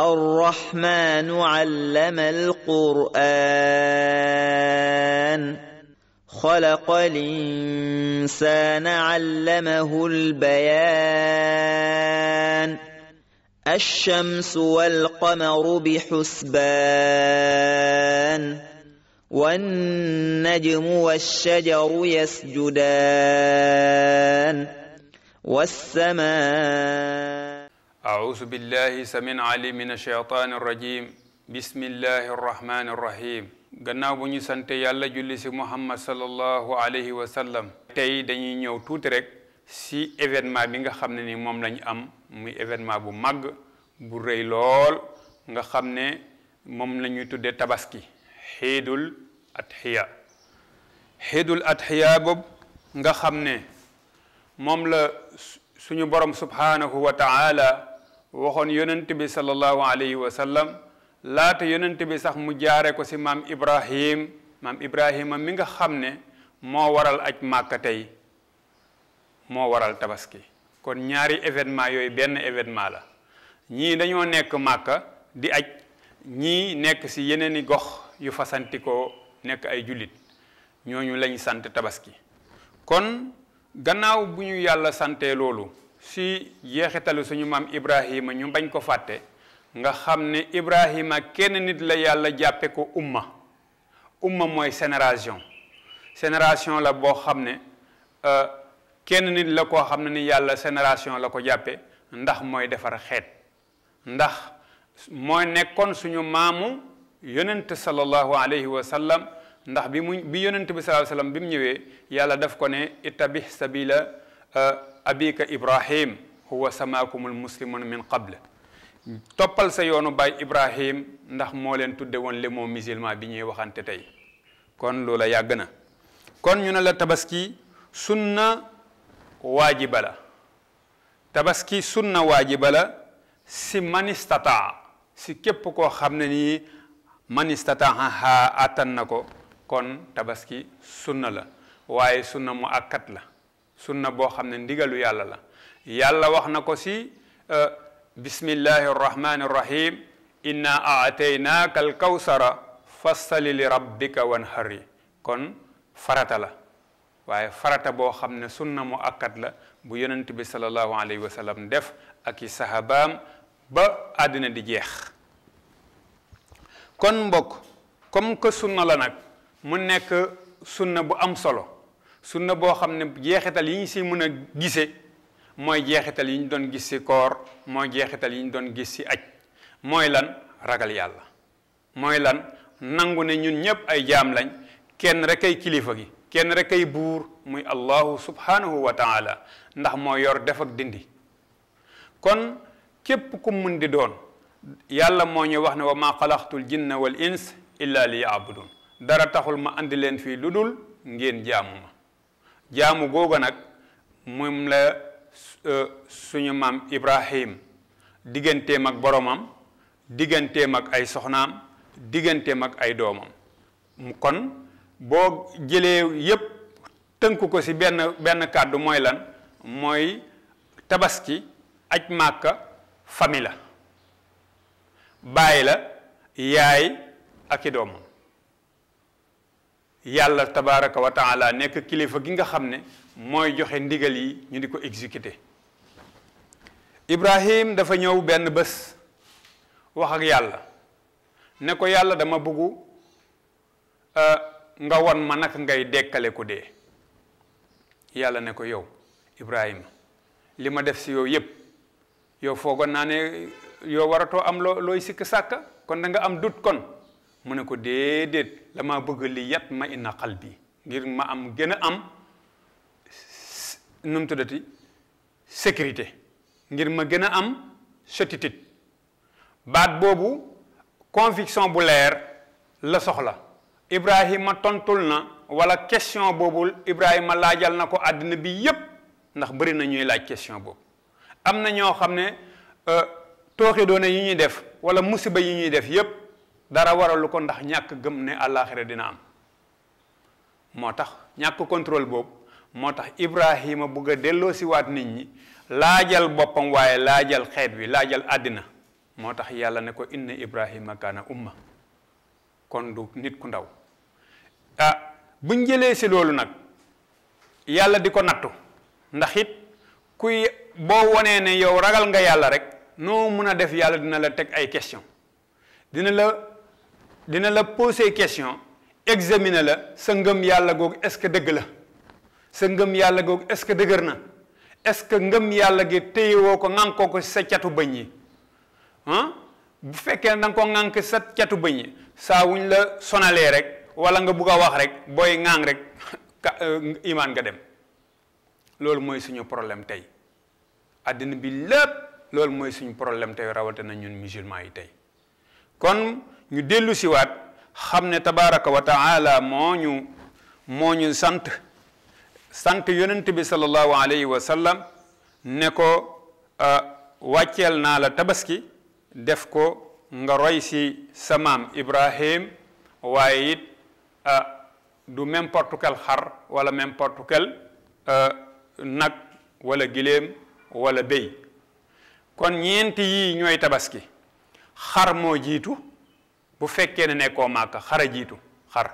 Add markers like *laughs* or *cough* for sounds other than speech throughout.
الرحمن علم القرآن خلق الإنسان علمه البيان الشمس والقمر بحسبان والنجم والشجر يسجدان والسماء أعوذ بالله سمن علي من الشيطان الرجيم بسم الله الرحمن الرحيم غناو بني سنت يالا جولي سي محمد صلى الله عليه وسلم تاي داني نيو توت ريك سي ايفينمان بيغا خامني ني موم لاني ام مي ايفينمان بو ماغ بو ري لول غا خامني موم لاني تودي تاباسكي حيدل اتحيا حيدل اتحيا بوب غا خامني موم لا سونو بروم سبحانه وتعالى waxoon yonent bi sallallahu alayhi wa sallam laata yonent bi sax mu jaare ko ci maam ibrahim maam ibrahima mi nga xam ne moo waral aj màkka tey moo waral tabaski kon ñaari événement yooyu benn événement la ñii dañoo nekk màkka di aj ñii nekk ci yeneeni gox yu fasantikoo nekk ay jullit ñooñu lañ sant tabaski kon gannaaw bu ñu yàlla santee loolu si jeexitalu suñu maam ibrahim ñu bañ ko fàtte nga xam ne Ibrahima kenn nit la yàlla jàppe ko umma umma mooy génération génération la boo xam ne kenn nit la koo xam ne ni yàlla génération la ko jàppe ndax mooy defar xeet ndax mooy nekkoon suñu maamu yonent sallallahu alayhi wa sallam ndax bi mu bi yonent bi sallallahu alayhi wa sallam bi mu ñëwee yàlla daf ko ne itabih sabila abika ibrahim huwa samaakumul muslimun min qable toppal sa yoonu baay ibrahim ndax moo leen tudde woon le mot musulman bi ñuy waxante tey kon loola yàgg na kon ñu ne la tabaski sunna waajiba la tabaski sunna waajiba la si manistataa si képp koo xam ne nii manistataa attan na ko kon tabaski sunna la waaye sunna mu akkat la sunna boo xam ne ndigalu yàlla la yàlla wax na ko si bismillahi arrahmani arrahim inna aataynaaka alkawsara fassali li rabbika wanhar yi kon farata la waaye farata boo xam ne sunna mu akkat la bu yonent bi salallahu alayhi wa sallam def ak i sahabaam ba àddina di jeex kon mbokk comme que sunna la nag mu nekk sunna bu am solo su sunna boo xam ne jeexital yi ñu si mën a gisee mooy jeexital yi ñu doon gis si koor mooy jeexital yi ñu doon gis si aj mooy lan ragal yàlla mooy lan nangu ne ñun ñëpp ay jaam lañ kenn rek ay kilifa gi kenn rek ay buur muy allahu subhanahu wa taala ndax moo yor def ak dindi kon képp ku mun di doon yàlla moo ñu wax ne wa maa xalaqtul jinna wal ins illa li yaabudun dara taxul ma indi leen fii lu dul ngeen jaamu ma jaamu googa nag moom la euh, suñu maam Ibrahim digganteem ak boromam digganteem ak ay soxnaam digganteem ak ay doomam kon boo jëlee yépp tënku ko ci benn benn kàddu mooy lan mooy tabaski ak màkka fami la bàyyi la yaay ak i doomam yàlla tabaraka wa taala nekk kilifa gi nga xam ne mooy joxe ndigal yi ñu di ko exécuter Ibrahim dafa ñëw benn bés wax ak yàlla ne ko yàlla dama bëggu euh, nga won ma nag ngay dekkale ku dee yàlla ne ko yow Ibrahima li ma def si yow yépp yow foogoon naa ne yow waratoo am loo looy sikk sàkk kon da nga am dut kon mu ne ko déedéet la maa bëgg li yat ma inna xal bi ngir ma am gën a am nu mu tuddati sécurité ngir ma gën a am certitude baat boobu conviction bu leer la soxla Ibrahima tontul na wala question boobu Ibrahima laajal na ko àddina bi yëpp ndax bëri na ñuy laaj question boobu am na ñoo xam ne euh, tooxi doona yi ñuy def wala musiba yi ñuy def yëpp dara waralu ko ndax ñàkk gëm ne àllaaxira dina am moo tax ñàkk contrôle boobu moo tax Ibrahima bugg a delloo si waat nit ñi laajal boppam waaye laajal xeet wi laajal àddina moo tax yàlla ne ko inna Ibrahima kaana umma kon du nit ku ndaw a buñ jëlee si loolu nag yàlla di ko nattu ndax it kuy boo wonee ne yow ragal nga yàlla rek noo mun a def yàlla dina la teg ay question dina la dina la poser question examiner la sa ngëm yàlla googu est-ce que dëgg la sa ngëm yàlla googu est-ce que dëgër na est-ce que ngëm yàlla gi téyewoo ko ŋànkoo ko sa catu bëñ yi bu fekkee da nga ko ŋànk sa catu bëñ yi saa wuñ la sonalee rek wala nga bugg a wax rek booy ŋàng rek *laughs* euh, imaan nga dem loolu mooy suñu problème tey addina bi lépp loolu mooy suñu problème tey na ñun musulman yi tey kon ñu dellu siwaat xam ne tabaraka wa taala moo ñu moo ñu sant sant yonent bi sallallahu alayhi wa sallam ne ko wàcceel naa la tabaski def ko nga roy si sa maam Ibrahim waaye it du n'importe quel xar walla n'importe quel nag walla giléem wala béy kon ñeenti yi ñooy tabaski xar moo jiitu bu fekkee ne nekkoo màkk xara jiitu xar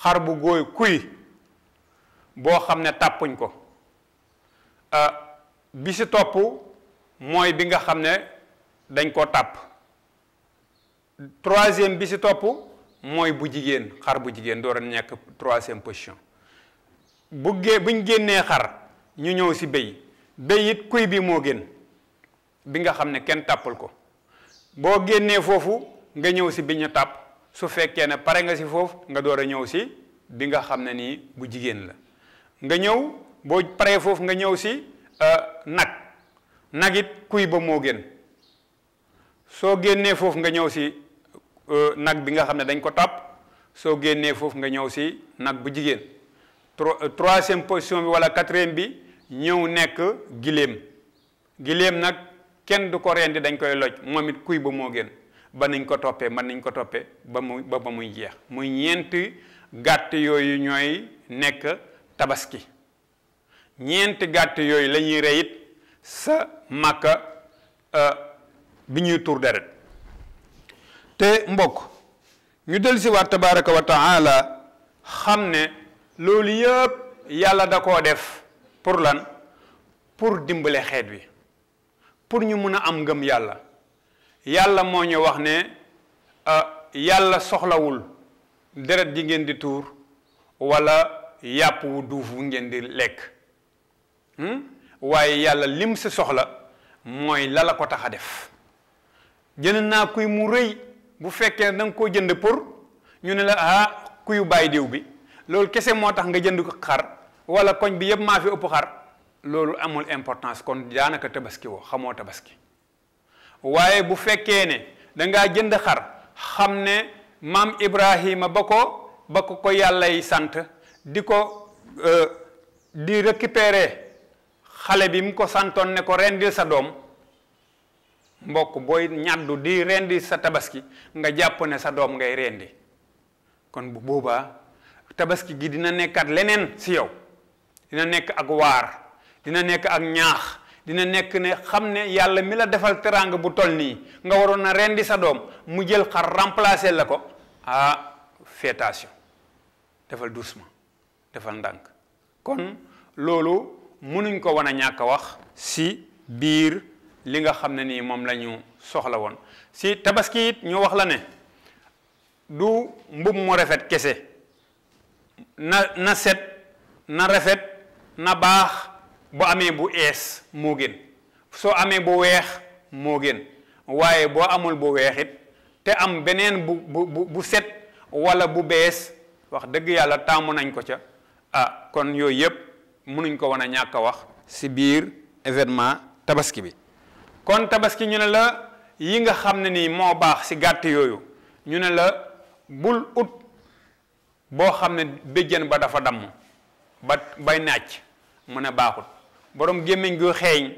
xar bu góoy kuy boo xam ne tàppuñ ko euh, bi si topp mooy bi nga xam ne dañ ko tàpp troisième bi si topp mooy bu jigéen xar bu jigéen door a nekk troisième position bu gé buñ génnee xar ñu ñëw si béy béy it kuy bi moo gën bi nga xam ne kenn tàppal ko boo génnee foofu nga ñëw si biñ ñu tàpp su fekkee ne pare nga si foofu nga door a ñëw si bi nga xam ne nii bu jigéen la nga ñëw boo paree foofu nga ñëw si euh, nag nag it kuy ba moo gën soo génnee foofu nga ñëw si euh, nag bi nga xam ne dañ ko tàpp soo génnee foofu nga ñëw si nag bu jigéen euh, troisième position bi wala quatrième bi ñëw nekk giléem giléem nag kenn du ko rendi dañ koy loj moom it kuy ba moo gën ba nañ ko toppee mën nañ ko toppee ba mu ba ba muy jeex muy ñeenti gàtt yooyu ñooy nekk tabaski ñeenti gàtt yooyu la ñuy rey it sa màkka euh, bi ñuy tur deret te mbokk ñu del si waat tabaraka wa taala xam ne loolu yëpp yàlla da koo def pour lan pour dimbale xeet wi pour ñu mun a am ngëm yàlla yàlla moo ñu wax ne euh, yàlla soxlawul deret ji ngeen di tuur wala yàpp wu duuf wu ngeen di lekk hmm? waaye yàlla lim si soxla mooy la la ko tax a def jënd naa kuy mu rëy bu fekkee da nga koo jënd pour ñu ne la ah kuyu bàyyi diw bi loolu kese moo tax nga jënd ko xar wala koñ bi yëpp maa fi ëpp xar loolu amul importance kon daanaka tabaski woo xamoo tabaski waye bu fekke ne da nga jënd xar xamne mam maam ibrahima bako ko ko yi sant diko euh di récupérer xalé bi mu ko santone ne ko rendil sa dom mbok boy ñaddu di rendi sa tabaski nga japp ne sa dom ngay rendi kon bu boba tabaski gi dina nekkat lenen si yow dina nekk ak war dina nekk ak ñaax dina nek ne xamne ne ya mi la defal terang bu toll ni nga warona na rendi sa dom mu jël xar remplacer lako a fétation defal doucement defal ndank kon lolu munuñ ko wana ñak wax si bir, li nga xamne ne mom lañu la soxla won si tabaski ñu wax la ne du mbum mo rafet kese na na set na rafet na bax bu amé bu es mo gën so amé bu wéx mo gën wayé bo amul bu wéxit te am benen bu bu bu set wala bu bees wax dëgg yalla tamu nañ ko ca ah kon yoy yep, mënuñ ko wana a wax ci biir événement tabaski bi kon tabaski ñu ne la yi nga xamné ni mo baax si gàtt yooyu ñu ne la bul ut bo xamné bejeen ba dafa dam ba bay nacc mu ne borom gemeng go xeyñ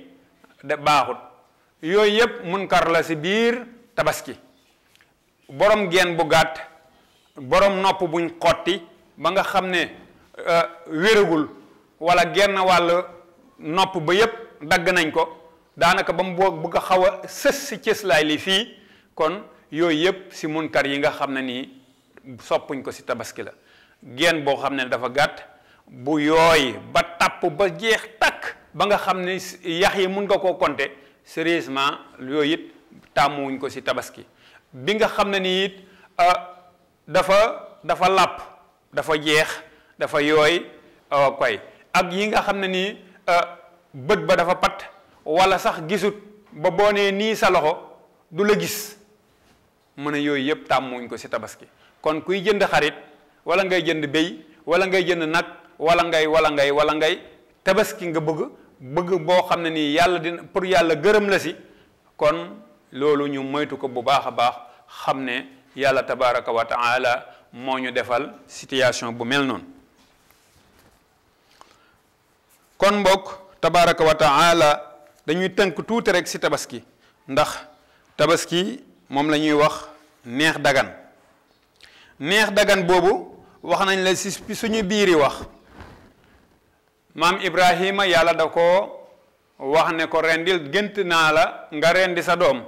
da baxut yoy yep munkar la ci bir tabaski borom gen bu gat borom nopp buñ xoti ba nga xamne euh, wéregul wala genn wàll nopp ba yépp dagg nañ ko daanaka ba mu bu ko xaw a sës si li fii kon yooyu yep si munkar yi nga xam ne nii soppuñ ko si tabaski la gen boo xam ne dafa gàtt bu yooy ba ba jeex ba nga xamni yahyi mun nga ko konté sérieusement yooyu it ko ci tabaski bi nga xamné ni it euh, dafa dafa lap dafa jeex dafa euh koy ak yi nga xamné ni euh beut ba dafa pat wala sax gisut ba boné ni nii sa loxo du la gis mëna yoy yooyu yëpp ko ci tabaski kon kuy jënd xarit wala ngay jënd bey wala ngay jënd nak wala ngay wala ngay wala ngay tabaski nga bëgg bëgg boo xam ne nii yàlla dina pour yàlla gërëm la si kon loolu ñu moytu ko bu baax a baax xam ne yàlla tabaraka wa taala moo ñu defal situation bu mel noonu kon mbokk tabaraka wa taala dañuy tënk tuuti rekk ci tabaski ndax tabaski moom la ñuy wax neex dagan neex dagan boobu wax nañ la si biir biiri wax maam Ibrahima yàlla da ko wax ne ko rendil gént naa la nga rendi sa doom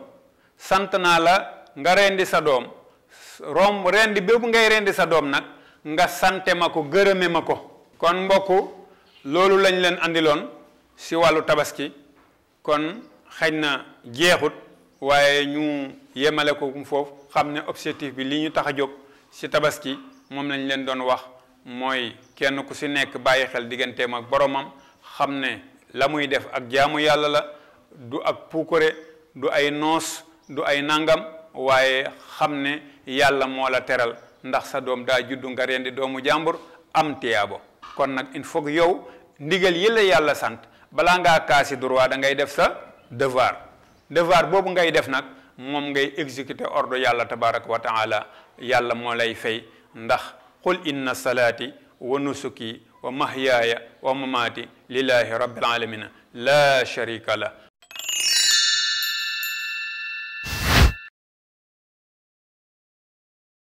sant naa la nga rendi sa doom rom rendi bépp ngay rendi sa doom nag nga sante ma ko gërëme ma ko kon mbokk loolu lañ leen andiloon si wàllu tabaski kon xëy na jeexut waaye ñu yemale ko foofu xam ne objectif bi li ñu tax a jóg ci tabaski moom lañ leen doon wax mooy kenn ku si nekk bàyyi xel digganteem ak boromam xam ne la muy def ak jaamu yàlla la du ak puukare du ay noos du ay nangam waaye xam ne yàlla moo la teral ndax sa doom daa juddu nga rendi doomu jàmbur am tiyaabo kon nag il faut yow ndigal yi la yàlla sant balaa ngaa kaasi droit da ngay def sa devoir devoir boobu ngay def nag moom ngay exécuter ordre yàlla tabaraka wa taala yàlla moo lay fay ndax قل إن صلاتي ونسكي ومحياي ومماتي لله رب العالمين لا شريك له